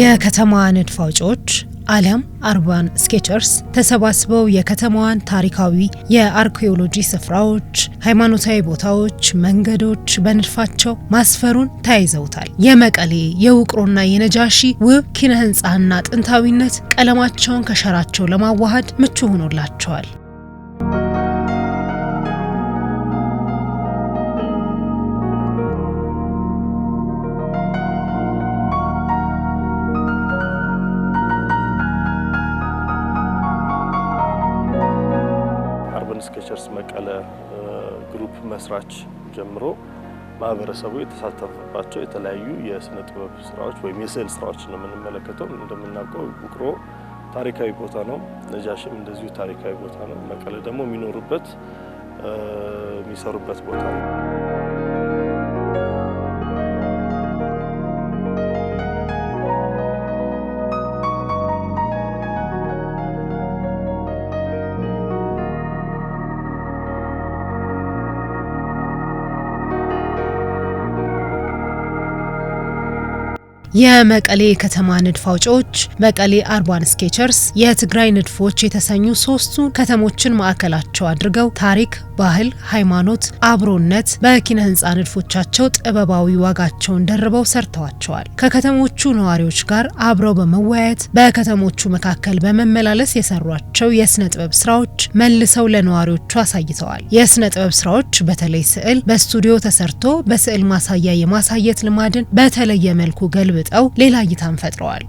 የከተማ ንድፍ አውጪዎች ዓለም አርባን ስኬቸርስ ተሰባስበው የከተማዋን ታሪካዊ የአርኪኦሎጂ ስፍራዎች፣ ሃይማኖታዊ ቦታዎች፣ መንገዶች በንድፋቸው ማስፈሩን ተያይዘውታል። የመቀሌ የውቅሮና የነጃሺ ውብ ኪነ ህንፃና ጥንታዊነት ቀለማቸውን ከሸራቸው ለማዋሃድ ምቹ ሆኖላቸዋል። መስራች ጀምሮ ማህበረሰቡ የተሳተፈባቸው የተለያዩ የስነ ጥበብ ስራዎች ወይም የስዕል ስራዎች ነው የምንመለከተው። እንደምናውቀው ውቅሮ ታሪካዊ ቦታ ነው። ነጃሽም እንደዚሁ ታሪካዊ ቦታ ነው። መቀለ ደግሞ የሚኖሩበት የሚሰሩበት ቦታ ነው። የመቀሌ ከተማ ንድፍ አውጪዎች መቀሌ አርባን ስኬቸርስ የትግራይ ንድፎች የተሰኙ ሶስቱ ከተሞችን ማዕከላቸው አድርገው ታሪክ፣ ባህል፣ ሃይማኖት፣ አብሮነት በኪነ ህንፃ ንድፎቻቸው ጥበባዊ ዋጋቸውን ደርበው ሰርተዋቸዋል። ከከተሞቹ ነዋሪዎች ጋር አብረው በመወያየት በከተሞቹ መካከል በመመላለስ የሰሯቸው የስነ ጥበብ ስራዎች መልሰው ለነዋሪዎቹ አሳይተዋል። የስነ ጥበብ ስራዎች በተለይ ስዕል በስቱዲዮ ተሰርቶ በስዕል ማሳያ የማሳየት ልማድን በተለየ መልኩ ገልብ አድብጠው ሌላ እይታን ፈጥረዋል።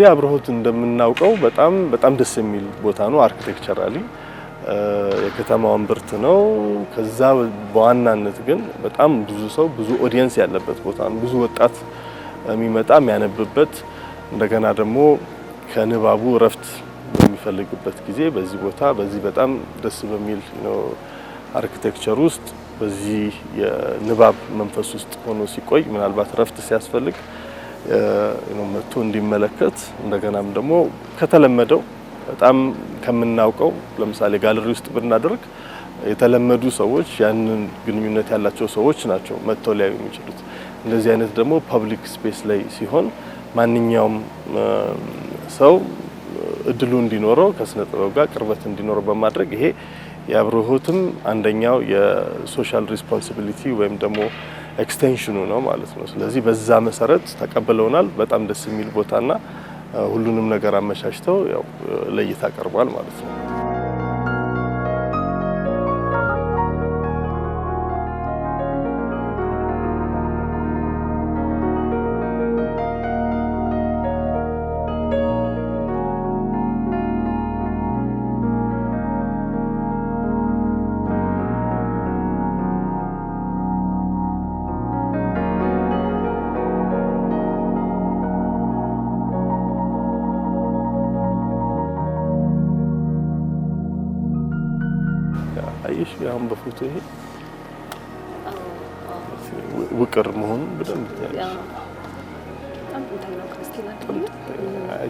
እንግዲህ አብርሆት እንደምናውቀው በጣም በጣም ደስ የሚል ቦታ ነው። አርክቴክቸራሊ የከተማዋን ብርት ነው። ከዛ በዋናነት ግን በጣም ብዙ ሰው ብዙ ኦዲየንስ ያለበት ቦታ ነው። ብዙ ወጣት የሚመጣ የሚያነብበት እንደገና ደግሞ ከንባቡ እረፍት በሚፈልግበት ጊዜ በዚህ ቦታ በዚህ በጣም ደስ በሚል አርኪቴክቸር ውስጥ በዚህ የንባብ መንፈስ ውስጥ ሆኖ ሲቆይ ምናልባት እረፍት ሲያስፈልግ መጥቶ እንዲመለከት እንደገናም ደግሞ ከተለመደው በጣም ከምናውቀው ለምሳሌ ጋለሪ ውስጥ ብናደርግ የተለመዱ ሰዎች ያንን ግንኙነት ያላቸው ሰዎች ናቸው መጥተው ሊያዩ የሚችሉት። እንደዚህ አይነት ደግሞ ፐብሊክ ስፔስ ላይ ሲሆን ማንኛውም ሰው እድሉ እንዲኖረው ከስነ ጥበብ ጋር ቅርበት እንዲኖረው በማድረግ ይሄ የአብሮሆትም አንደኛው የሶሻል ሪስፖንሲቢሊቲ ወይም ደግሞ ኤክስቴንሽኑ ነው ማለት ነው። ስለዚህ በዛ መሰረት ተቀብለውናል። በጣም ደስ የሚል ቦታና ሁሉንም ነገር አመቻችተው ያው ለእይታ ቀርቧል ማለት ነው። ትንሽ አሁን በፎቶ ይሄ ውቅር መሆኑን በደንብ አይ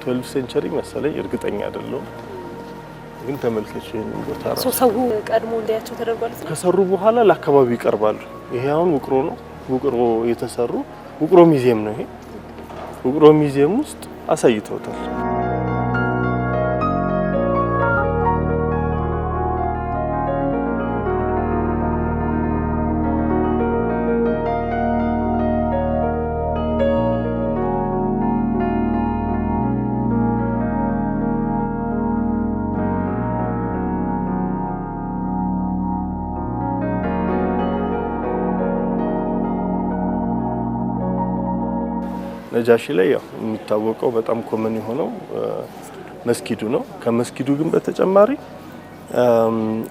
ትዌልቭ ሴንቸሪ መሰለኝ እርግጠኛ አይደለሁም፣ ግን ተመልከች ይሄንን ቦታ ሰው ቀድሞ እንዲያቸው ተደርጓል። ከሰሩ በኋላ ለአካባቢው ይቀርባሉ። ይሄ አሁን ውቅሮ ነው። ውቅሮ የተሰሩ ውቅሮ ሚዚየም ነው ይሄ። ውቅሮ ሚዚየም ውስጥ አሳይተውታል። ነጃሺ ላይ ያው የሚታወቀው በጣም ኮመን የሆነው መስጊዱ ነው። ከመስጊዱ ግን በተጨማሪ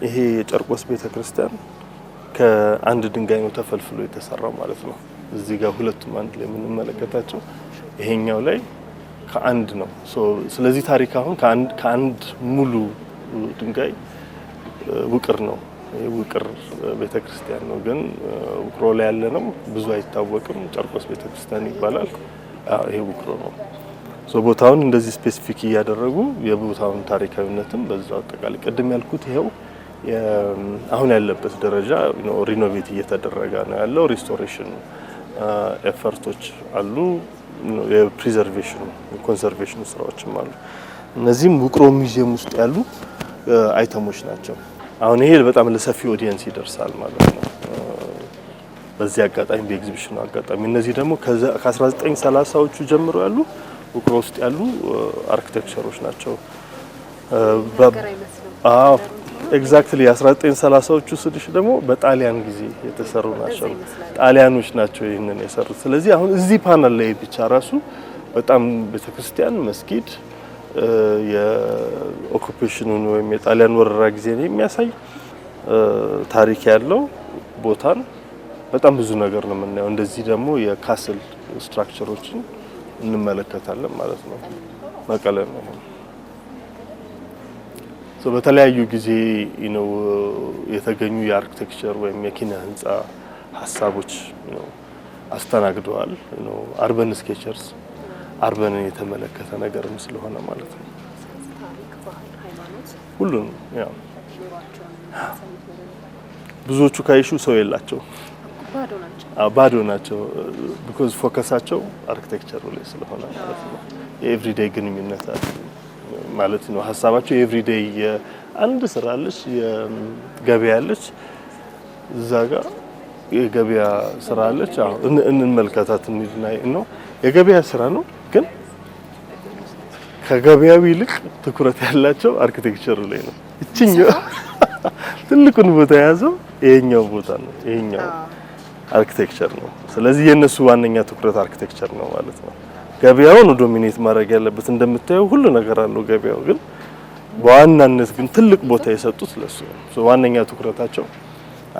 ይሄ የጨርቆስ ቤተክርስቲያን ከአንድ ድንጋይ ነው ተፈልፍሎ የተሰራው ማለት ነው። እዚህ ጋር ሁለቱም አንድ ላይ የምንመለከታቸው ይሄኛው ላይ ከአንድ ነው። ስለዚህ ታሪክ አሁን ከአንድ ሙሉ ድንጋይ ውቅር ነው ውቅር ቤተክርስቲያን ነው። ግን ውቅሮ ላይ ያለ ነው ብዙ አይታወቅም። ጨርቆስ ቤተክርስቲያን ይባላል። ይሄ ውቅሮ ነው። ቦታውን እንደዚህ ስፔሲፊክ እያደረጉ የቦታውን ታሪካዊነትም በዛው አጠቃላይ ቅድም ያልኩት ይሄው አሁን ያለበት ደረጃ ሪኖቬት እየተደረገ ነው ያለው። ሪስቶሬሽን ኤፈርቶች አሉ፣ የፕሪዘርቬሽኑ የኮንሰርቬሽኑ ስራዎችም አሉ። እነዚህም ውቅሮ ሙዚየም ውስጥ ያሉ አይተሞች ናቸው። አሁን ይሄ በጣም ለሰፊ ኦዲየንስ ይደርሳል ማለት ነው። በዚህ አጋጣሚ በኤግዚቢሽኑ አጋጣሚ እነዚህ ደግሞ ከ1930ዎቹ ጀምሮ ያሉ ውቅሮ ውስጥ ያሉ አርኪቴክቸሮች ናቸው። ኤግዛክትሊ 1930ዎቹ ስልሽ ደግሞ በጣሊያን ጊዜ የተሰሩ ናቸው። ጣሊያኖች ናቸው ይህንን የሰሩት። ስለዚህ አሁን እዚህ ፓናል ላይ ብቻ ራሱ በጣም ቤተክርስቲያን፣ መስጊድ የኦኩፔሽኑን ወይም የጣሊያን ወረራ ጊዜ የሚያሳይ ታሪክ ያለው ቦታን በጣም ብዙ ነገር ነው የምናየው። እንደዚህ ደግሞ የካስል ስትራክቸሮችን እንመለከታለን ማለት ነው። መቀለ ነው በተለያዩ ጊዜ ነው የተገኙ የአርክቴክቸር ወይም የኪነ ህንፃ ሀሳቦች አስተናግደዋል። አርበን ስኬቸርስ አርበንን የተመለከተ ነገርም ስለሆነ ማለት ነው ሁሉንም ብዙዎቹ ካይሹ ሰው የላቸው ባዶ ናቸው። ቢኮዝ ፎከሳቸው አርክቴክቸሩ ላይ ስለሆነ ማለት ነው። የኤቭሪዴይ ግንኙነት ማለት ነው ሀሳባቸው የኤቭሪዴይ አንድ ስራ አለች፣ የገበያ አለች፣ እዛ ጋር የገበያ ስራ አለች። አሁን እንመልከታት እንሂድና ነው የገበያ ስራ ነው ግን ከገበያው ይልቅ ትኩረት ያላቸው አርክቴክቸሩ ላይ ነው። እችኛው ትልቁን ቦታ የያዘው ይሄኛው ቦታ ነው። ይሄኛው አርክቴክቸር ነው። ስለዚህ የነሱ ዋነኛ ትኩረት አርክቴክቸር ነው ማለት ነው። ገበያውን ዶሚኔት ማድረግ ያለበት እንደምታየው ሁሉ ነገር አለው ገበያው ግን በዋናነት ግን ትልቅ ቦታ የሰጡት ለሱ ነው። ዋነኛ ትኩረታቸው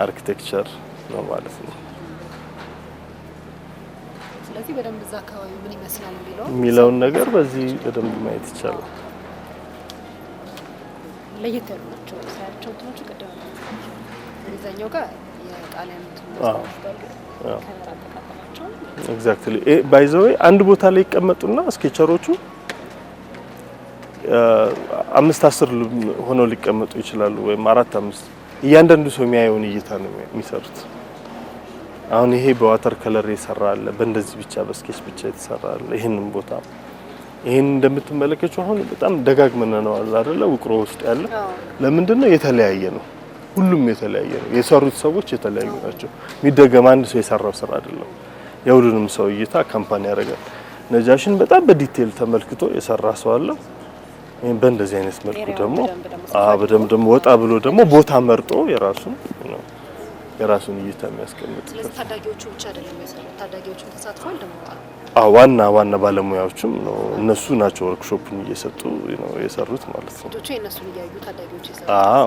አርኪቴክቸር ነው ማለት ነው። ስለዚህ በደንብ እዛ አካባቢ ምን ይመስላል የሚለውን ነገር በዚህ በደንብ ማየት ይቻላል። ለየት ያሉ ናቸው ሳያቸው እንትኖቹ ቀደም ነው ጋር ኤግዛክትሊ ባይ ዘ ወይ አንድ ቦታ ላይ ይቀመጡና ስኬቸሮቹ አምስት አስር ሆነው ሊቀመጡ ይችላሉ፣ ወይም አራት አምስት። እያንዳንዱ ሰው የሚያየውን እይታ ነው የሚሰሩት። አሁን ይሄ በዋተር ከለር የሰራ አለ፣ በእንደዚህ ብቻ በስኬች ብቻ የተሰራ አለ። ይህንን ቦታ ይህን እንደምትመለከቱ አሁን በጣም ደጋግመን ነው አለ አይደለ? ውቅሮ ውስጥ ያለ ለምንድን ነው የተለያየ ነው ሁሉም የተለያየ ነው። የሰሩት ሰዎች የተለያዩ ናቸው። የሚደገም አንድ ሰው የሰራው ስራ አይደለም። የሁሉንም ሰው እይታ ካምፓኒ ያደርጋል። ነጃሽን በጣም በዲቴል ተመልክቶ የሰራ ሰው አለ። ይህም በእንደዚህ አይነት መልኩ ደግሞ በደንብ ደግሞ ወጣ ብሎ ደግሞ ቦታ መርጦ የራሱን ነው የራሱን እይታ የሚያስቀምጥ ታዳጊዎቹ ብቻ አይደለም የሰሩት ታዳጊዎቹም ተሳትፏል ደግሞ ዋና ዋና ባለሙያዎችም ነው እነሱ ናቸው ወርክሾፕን እየሰጡ ነው የሰሩት ማለት ነው። ታዳጊዎች ይሰራሉ። አዎ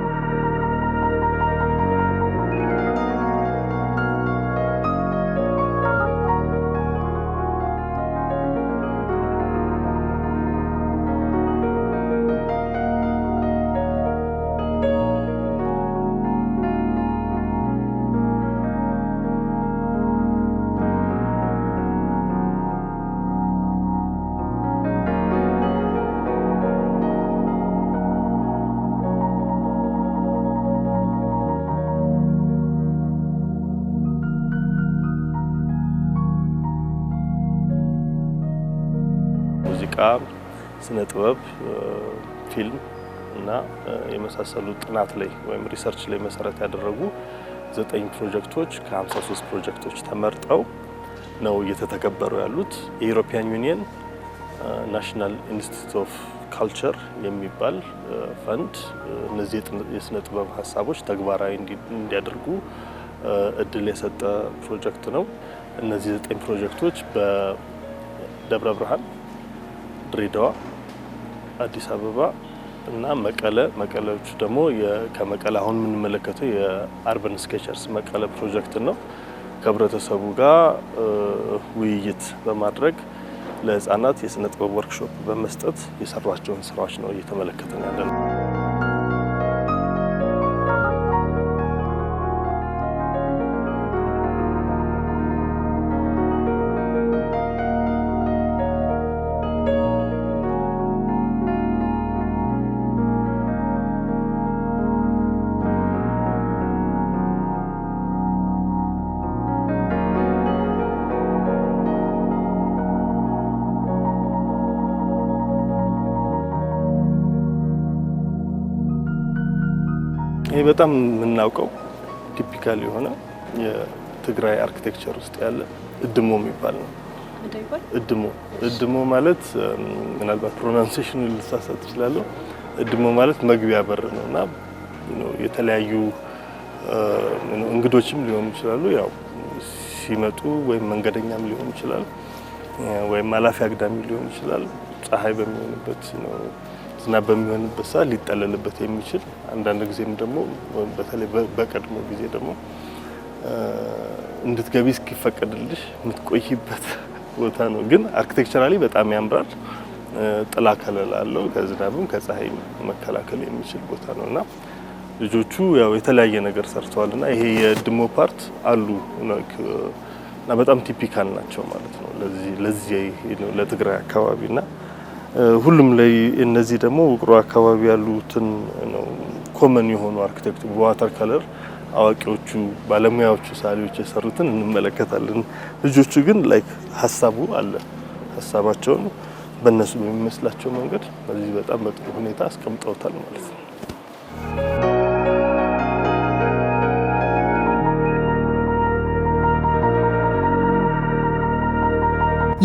ስነ ጥበብ፣ ፊልም እና የመሳሰሉ ጥናት ላይ ወይም ሪሰርች ላይ መሰረት ያደረጉ ዘጠኝ ፕሮጀክቶች ከ53 ፕሮጀክቶች ተመርጠው ነው እየተተገበሩ ያሉት። የኢሮፒያን ዩኒየን ናሽናል ኢንስቲትዩት ኦፍ ካልቸር የሚባል ፈንድ እነዚህ የስነ ጥበብ ሀሳቦች ተግባራዊ እንዲያደርጉ እድል የሰጠ ፕሮጀክት ነው። እነዚህ ዘጠኝ ፕሮጀክቶች በደብረ ብርሃን ድሬዳዋ፣ አዲስ አበባ እና መቀለ መቀለዎቹ ደግሞ ከመቀለ አሁን የምንመለከተው የአርበን ስኬቸርስ መቀለ ፕሮጀክት ነው። ከህብረተሰቡ ጋር ውይይት በማድረግ ለህፃናት የስነ ጥበብ ወርክሾፕ በመስጠት የሰሯቸውን ስራዎች ነው እየተመለከተን ያለ ነው። ይሄ በጣም የምናውቀው ቲፒካል የሆነ የትግራይ አርኪቴክቸር ውስጥ ያለ እድሞ የሚባል ነው። እድሞ እድሞ ማለት ምናልባት ፕሮናንሴሽን ልሳሳት እችላለሁ። እድሞ ማለት መግቢያ በር ነው እና የተለያዩ እንግዶችም ሊሆኑ ይችላሉ። ያው ሲመጡ ወይም መንገደኛም ሊሆን ይችላል፣ ወይም አላፊ አግዳሚ ሊሆን ይችላል። ፀሐይ በሚሆንበት ነው ዝናብ በሚሆንበት ሰዓት ሊጠለልበት የሚችል አንዳንድ ጊዜም ደግሞ በተለይ በቀድሞ ጊዜ ደግሞ እንድትገቢ እስኪፈቀድልሽ የምትቆይበት ቦታ ነው። ግን አርክቴክቸራሊ በጣም ያምራል። ጥላ ከለላ አለው። ከዝናብም ከፀሐይ መከላከል የሚችል ቦታ ነው እና ልጆቹ ያው የተለያየ ነገር ሰርተዋል እና ይሄ የድሞ ፓርት አሉ እና በጣም ቲፒካል ናቸው ማለት ነው ለዚህ ለትግራይ አካባቢ እና ሁሉም ላይ እነዚህ ደግሞ ውቅሮ አካባቢ ያሉትን ነው ኮመን የሆኑ አርክቴክት በዋተር ከለር አዋቂዎቹ ባለሙያዎቹ ሳሊዎች የሰሩትን እንመለከታለን። ልጆቹ ግን ላይክ ሀሳቡ አለ። ሀሳባቸውን በእነሱ በሚመስላቸው መንገድ በዚህ በጣም በጥሩ ሁኔታ አስቀምጠውታል ማለት ነው።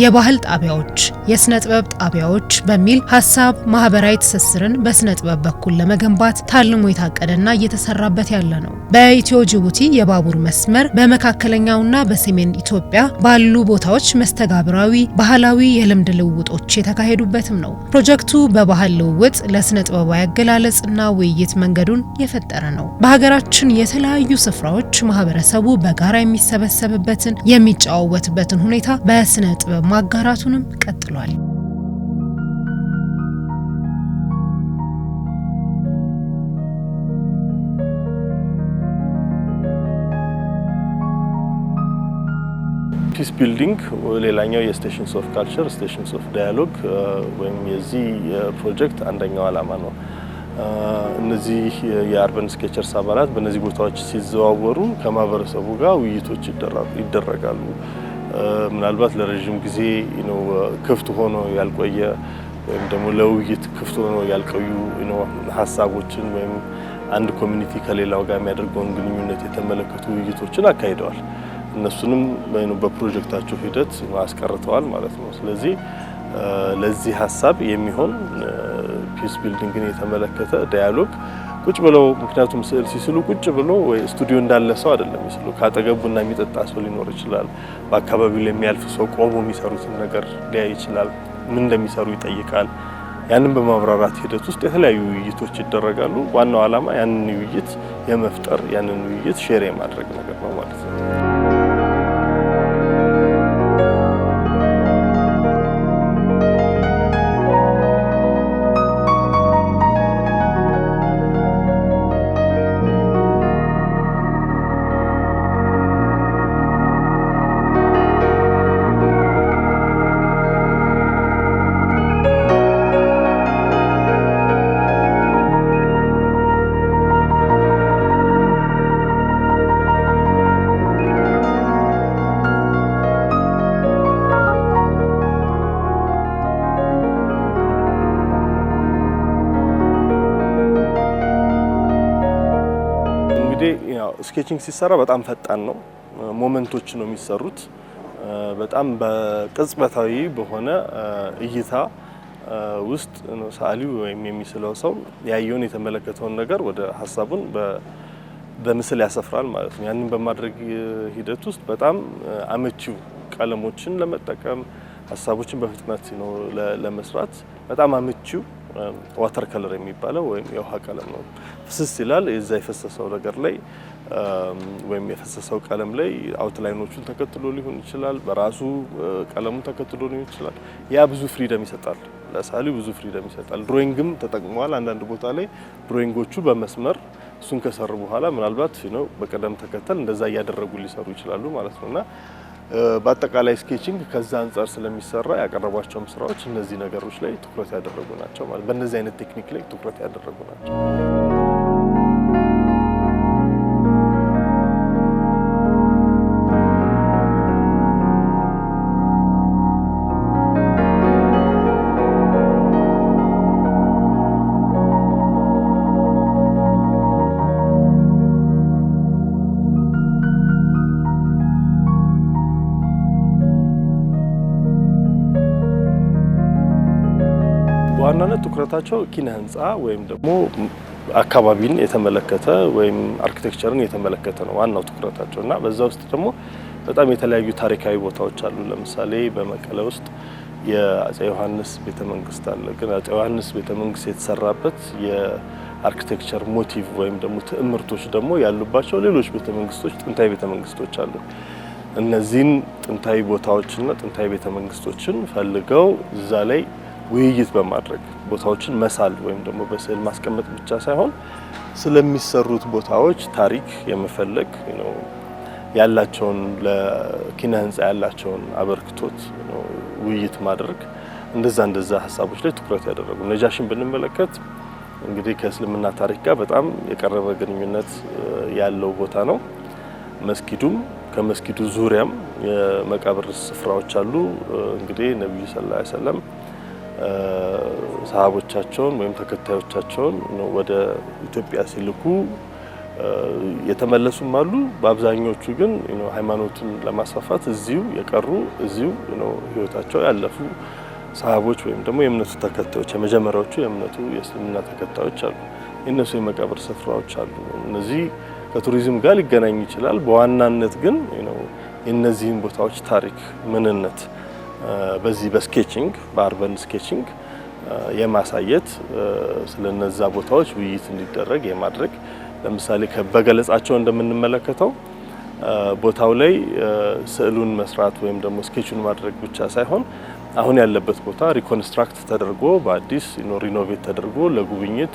የባህል ጣቢያዎች፣ የስነ ጥበብ ጣቢያዎች በሚል ሀሳብ ማህበራዊ ትስስርን በስነ ጥበብ በኩል ለመገንባት ታልሞ የታቀደና እየተሰራበት ያለ ነው። በኢትዮ ጅቡቲ የባቡር መስመር በመካከለኛውና በሰሜን ኢትዮጵያ ባሉ ቦታዎች መስተጋብራዊ ባህላዊ የልምድ ልውውጦች የተካሄዱበትም ነው። ፕሮጀክቱ በባህል ልውውጥ ለስነ ጥበባዊ አገላለጽና ውይይት መንገዱን የፈጠረ ነው። በሀገራችን የተለያዩ ስፍራዎች ማህበረሰቡ በጋራ የሚሰበሰብበትን የሚጨዋወትበትን ሁኔታ በስነ ጥበብ ማጋራቱንም ቀጥሏል። ፒስ ቢልዲንግ ሌላኛው የስቴሽንስ ኦፍ ካልቸር ስቴሽንስ ኦፍ ዳያሎግ ወይም የዚህ ፕሮጀክት አንደኛው ዓላማ ነው። እነዚህ የአርበን ስኬቸርስ አባላት በእነዚህ ቦታዎች ሲዘዋወሩ ከማህበረሰቡ ጋር ውይይቶች ይደረጋሉ። ምናልባት ለረዥም ጊዜ ክፍት ሆኖ ያልቆየ ወይም ደግሞ ለውይይት ክፍት ሆኖ ያልቆዩ ሀሳቦችን ወይም አንድ ኮሚኒቲ ከሌላው ጋር የሚያደርገውን ግንኙነት የተመለከቱ ውይይቶችን አካሂደዋል። እነሱንም በፕሮጀክታቸው ሂደት አስቀርተዋል ማለት ነው። ስለዚህ ለዚህ ሀሳብ የሚሆን ፒስ ቢልዲንግን የተመለከተ ዳያሎግ ቁጭ ብለው ምክንያቱም ስዕል ሲስሉ ቁጭ ብሎ ወይ ስቱዲዮ እንዳለ ሰው አይደለም ይስሉ ካጠገቡ የሚጠጣ ሰው ሊኖር ይችላል። በአካባቢው ለሚያልፍ ሰው ቆሞ የሚሰሩትን ነገር ሊያይ ይችላል። ምን እንደሚሰሩ ይጠይቃል። ያንን በማብራራት ሂደት ውስጥ የተለያዩ ውይይቶች ይደረጋሉ። ዋናው ዓላማ ያንን ውይይት የመፍጠር ያንን ውይይት ሼር የማድረግ ነገር ነው ማለት ነው። እንግዲህ ስኬችንግ ሲሰራ በጣም ፈጣን ነው። ሞመንቶች ነው የሚሰሩት። በጣም በቅጽበታዊ በሆነ እይታ ውስጥ ነው ሰዓሊው ወይም የሚስለው ሰው ያየውን የተመለከተውን ነገር ወደ ሀሳቡን በምስል ያሰፍራል ማለት ነው። ያንን በማድረግ ሂደት ውስጥ በጣም አመቺው ቀለሞችን ለመጠቀም ሀሳቦችን በፍጥነት ነው ለመስራት በጣም አመቺው ዋተር ከለር የሚባለው ወይም የውሃ ቀለም ነው። ፍስስ ይላል። የዛ የፈሰሰው ነገር ላይ ወይም የፈሰሰው ቀለም ላይ አውትላይኖቹን ተከትሎ ሊሆን ይችላል፣ በራሱ ቀለሙን ተከትሎ ሊሆን ይችላል። ያ ብዙ ፍሪደም ይሰጣል፣ ለሳሊ ብዙ ፍሪደም ይሰጣል። ድሮይንግም ተጠቅመዋል። አንዳንድ ቦታ ላይ ድሮይንጎቹ በመስመር እሱን ከሰሩ በኋላ ምናልባት ነው ተከተል እንደዛ እያደረጉ ሊሰሩ ይችላሉ ማለት ነውና በአጠቃላይ ስኬቺንግ ከዛ አንጻር ስለሚሰራ ያቀረቧቸውም ስራዎች እነዚህ ነገሮች ላይ ትኩረት ያደረጉ ናቸው ማለት በእነዚህ አይነት ቴክኒክ ላይ ትኩረት ያደረጉ ናቸው። በዋናነት ትኩረታቸው ኪነ ህንፃ ወይም ደግሞ አካባቢን የተመለከተ ወይም አርኪቴክቸርን የተመለከተ ነው ዋናው ትኩረታቸው እና በዛ ውስጥ ደግሞ በጣም የተለያዩ ታሪካዊ ቦታዎች አሉ። ለምሳሌ በመቀለ ውስጥ የአፄ ዮሐንስ ቤተ መንግስት አለ። ግን አፄ ዮሐንስ ቤተ መንግስት የተሰራበት የአርኪቴክቸር ሞቲቭ ወይም ደግሞ ትዕምርቶች ደግሞ ያሉባቸው ሌሎች ቤተ መንግስቶች ጥንታዊ ቤተ መንግስቶች አሉ። እነዚህን ጥንታዊ ቦታዎችና ጥንታዊ ቤተ መንግስቶችን ፈልገው እዛ ላይ ውይይት በማድረግ ቦታዎችን መሳል ወይም ደግሞ በስዕል ማስቀመጥ ብቻ ሳይሆን ስለሚሰሩት ቦታዎች ታሪክ የመፈለግ ያላቸውን ለኪነ ህንፃ ያላቸውን አበርክቶት ውይይት ማድረግ እንደዛ እንደዛ ሀሳቦች ላይ ትኩረት ያደረጉ ነጃሽን ብንመለከት እንግዲህ ከእስልምና ታሪክ ጋር በጣም የቀረበ ግንኙነት ያለው ቦታ ነው። መስጊዱም ከመስጊዱ ዙሪያም የመቃብር ስፍራዎች አሉ። እንግዲህ ነቢዩ ሰለላሁ ዐለይሂ ወሰለም ሰሃቦቻቸውን ወይም ተከታዮቻቸውን ወደ ኢትዮጵያ ሲልኩ የተመለሱም አሉ። በአብዛኞቹ ግን ሃይማኖትን ለማስፋፋት እዚሁ የቀሩ እዚሁ ህይወታቸው ያለፉ ሰሃቦች ወይም ደግሞ የእምነቱ ተከታዮች የመጀመሪያዎቹ የእምነቱ የእስልምና ተከታዮች አሉ። የእነሱ የመቃብር ስፍራዎች አሉ። እነዚህ ከቱሪዝም ጋር ሊገናኝ ይችላል። በዋናነት ግን የእነዚህን ቦታዎች ታሪክ ምንነት በዚህ በስኬችንግ በአርበን ስኬችንግ የማሳየት ስለነዛ ቦታዎች ውይይት እንዲደረግ የማድረግ ለምሳሌ በገለጻቸው እንደምንመለከተው ቦታው ላይ ስዕሉን መስራት ወይም ደግሞ ስኬቹን ማድረግ ብቻ ሳይሆን አሁን ያለበት ቦታ ሪኮንስትራክት ተደርጎ በአዲስ ሪኖቬት ተደርጎ ለጉብኝት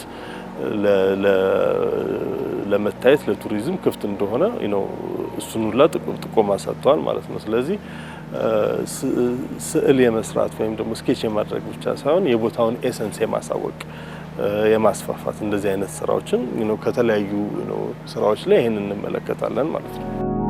ለመታየት ለቱሪዝም ክፍት እንደሆነ እሱን ሁላ ጥቆማ ሰጥተዋል ማለት ነው። ስለዚህ ስዕል የመስራት ወይም ደግሞ ስኬች የማድረግ ብቻ ሳይሆን የቦታውን ኤሰንስ የማሳወቅ የማስፋፋት እንደዚህ አይነት ስራዎችን ከተለያዩ ስራዎች ላይ ይህን እንመለከታለን ማለት ነው።